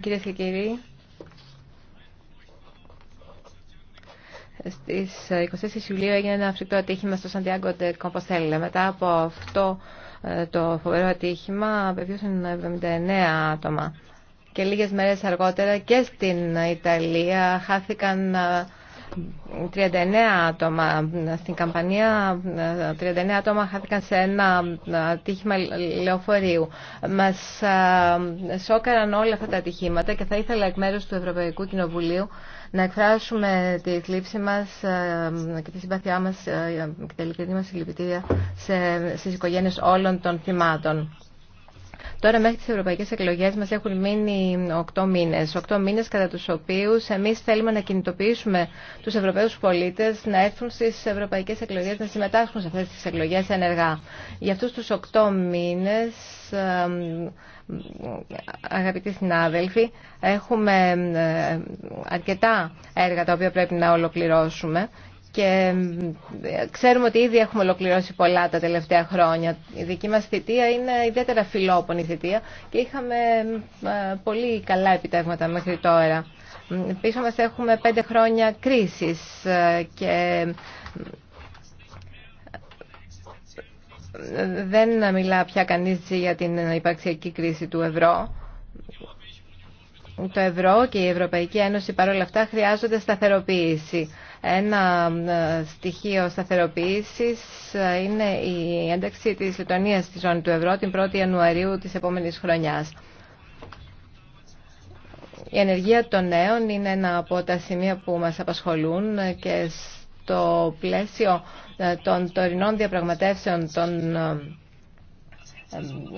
Κυρίε και κύριοι, Στι 24 Ιουλίου έγινε ένα φρικτό ατύχημα στο Σαντιάγκο Τε Κομποστέλε. Μετά από αυτό ε, το φοβερό ατύχημα απεβίωσαν 79 άτομα. Και λίγες μέρες αργότερα και στην Ιταλία χάθηκαν ε, 39 άτομα στην καμπανία 39 άτομα χάθηκαν σε ένα ατύχημα λεωφορείου μας σόκαραν όλα αυτά τα ατυχήματα και θα ήθελα εκ μέρους του Ευρωπαϊκού Κοινοβουλίου να εκφράσουμε τη θλίψη μας και τη συμπαθιά μας και τα ειλικρινή μας συλληπιτήρια στις οικογένειες όλων των θυμάτων Τώρα μέχρι τις ευρωπαϊκές εκλογές μας έχουν μείνει οκτώ μήνες. Οκτώ μήνες κατά τους οποίους εμείς θέλουμε να κινητοποιήσουμε τους ευρωπαίους πολίτες να έρθουν στις ευρωπαϊκές εκλογές, να συμμετάσχουν σε αυτές τις εκλογές ενεργά. Για αυτούς τους 8 μήνες, αγαπητοί συνάδελφοι, έχουμε αρκετά έργα τα οποία πρέπει να ολοκληρώσουμε και ξέρουμε ότι ήδη έχουμε ολοκληρώσει πολλά τα τελευταία χρόνια. Η δική μας θητεία είναι ιδιαίτερα φιλόπονη θητεία και είχαμε πολύ καλά επιτεύγματα μέχρι τώρα. Πίσω μας έχουμε πέντε χρόνια κρίσης ε, και δεν μιλά πια κανείς για την υπαρξιακή κρίση του ευρώ το ευρώ και η Ευρωπαϊκή Ένωση παρόλα αυτά χρειάζονται σταθεροποίηση. Ένα ε, στοιχείο σταθεροποίησης ε, είναι η ένταξη της Λετωνίας στη ζώνη του ευρώ την 1η Ιανουαρίου της επόμενης χρονιάς. Η ενεργεία των νέων είναι ένα από τα σημεία που μας απασχολούν και στο πλαίσιο ε, των τωρινών διαπραγματεύσεων των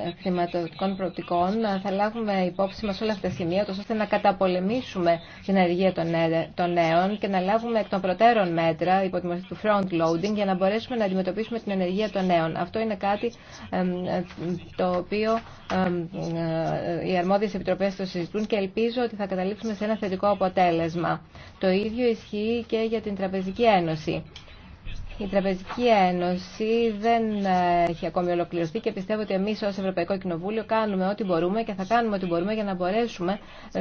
ε, χρηματοδοτικών προοπτικών ε, θα λάβουμε υπόψη μας όλα αυτά τα σημεία ώστε να καταπολεμήσουμε την αργία ε, των νέων και να λάβουμε εκ των προτέρων μέτρα υπό τη μορφή του front loading για να μπορέσουμε να αντιμετωπίσουμε την ενεργεία των νέων. Αυτό είναι κάτι το οποίο οι αρμόδιες επιτροπές το συζητούν και ελπίζω ότι θα καταλήξουμε σε ένα θετικό αποτέλεσμα. Το ίδιο ισχύει και για την Τραπεζική Ένωση. Η Τραπεζική Ένωση δεν έχει ακόμη ολοκληρωθεί και πιστεύω ότι εμεί ω Ευρωπαϊκό Κοινοβούλιο κάνουμε ό,τι μπορούμε και θα κάνουμε ό,τι μπορούμε για να μπορέσουμε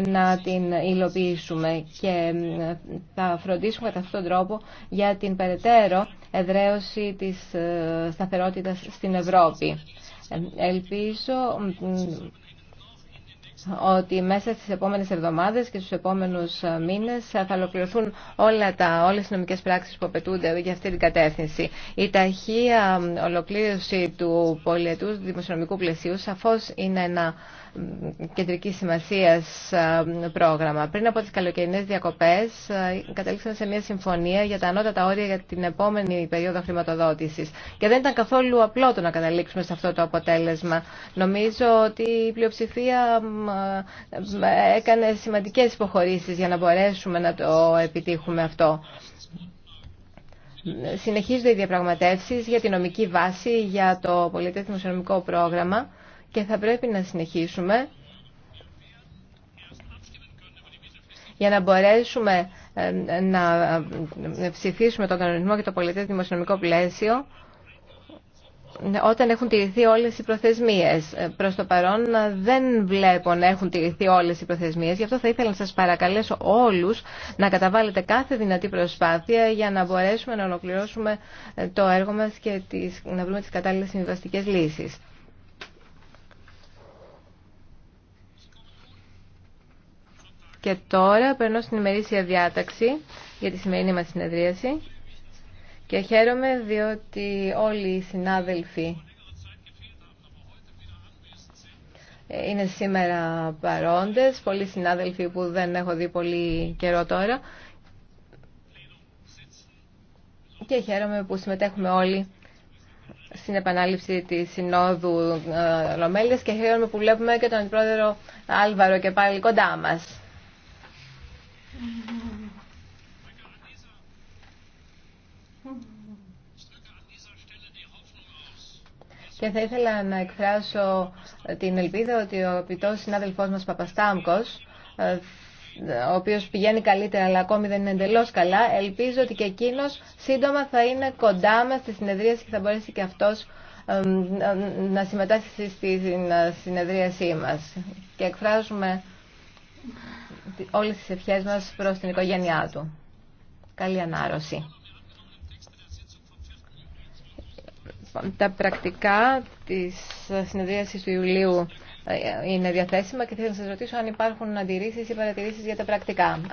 να την υλοποιήσουμε. Και θα φροντίσουμε κατά αυτόν τον τρόπο για την περαιτέρω εδραίωση τη ε, σταθερότητα στην Ευρώπη. Ε, ελπίζω ότι μέσα στις επόμενες εβδομάδες και στους επόμενους ε, μήνες θα ολοκληρωθούν όλα τα, όλες τις νομικές πράξεις που απαιτούνται για αυτή την κατεύθυνση. Η ταχεία ολοκλήρωση του πολιετούς δημοσιονομικού πλαισίου σαφώς είναι ένα κεντρική σημασία ε, πρόγραμμα. Πριν από τις καλοκαιρινές διακοπές ε, καταλήξαμε σε μια συμφωνία για τα ανώτατα όρια για την επόμενη περίοδο χρηματοδότησης. Και δεν ήταν καθόλου απλό το να καταλήξουμε σε αυτό το αποτέλεσμα. Νομίζω ότι η πλειοψηφία ε, έκανε σημαντικές υποχωρήσεις για να μπορέσουμε να το επιτύχουμε αυτό. Συνεχίζονται οι διαπραγματεύσεις για τη νομική βάση για το πολιτικό οικονομικό πρόγραμμα και θα πρέπει να συνεχίσουμε για να μπορέσουμε ε, να ψηφίσουμε τον κανονισμό και το πολιτικό δημοσιονομικό πλαίσιο όταν έχουν τηρηθεί όλες οι προθεσμίες. Ε, προς το παρόν ε, δεν βλέπω να έχουν τηρηθεί όλες οι προθεσμίες. Γι' αυτό θα ήθελα να σας παρακαλέσω όλους να καταβάλλετε κάθε δυνατή προσπάθεια για να μπορέσουμε να ολοκληρώσουμε ε, το έργο μας και να βρούμε τις κατάλληλες συμβιβαστικές λύσεις. Και τώρα περνώ στην ημερήσια διάταξη για τη σημερινή μας συνεδρίαση. Και χαίρομαι διότι όλοι οι συνάδελφοι είναι σήμερα παρόντες, πολλοί συνάδελφοι που δεν έχω δει πολύ καιρό τώρα και χαίρομαι που συμμετέχουμε όλοι στην επανάληψη της Συνόδου Λομέλειας ε, και χαίρομαι που βλέπουμε και τον πρόεδρο Άλβαρο και πάλι κοντά μας. και θα ήθελα να εκφράσω την ελπίδα ότι ο πιτός συνάδελφός μας Παπαστάμκος ε, ο οποίος πηγαίνει καλύτερα αλλά ακόμη δεν είναι εντελώς καλά, ελπίζω ότι και εκείνο σύντομα θα είναι κοντά μας στη συνεδρίαση και θα μπορέσει και αυτός να συμμετάσχει στη συνεδρίασή μας. Και εκφράζουμε όλες τις ευχές μας προς την οικογένειά του. Καλή ανάρρωση. Τα πρακτικά τη συνεδρίασης του Ιουλίου ε, είναι διαθέσιμα και θέλω να σα ρωτήσω αν υπάρχουν αντιρρήσει ή παρατηρήσει για τα πρακτικά.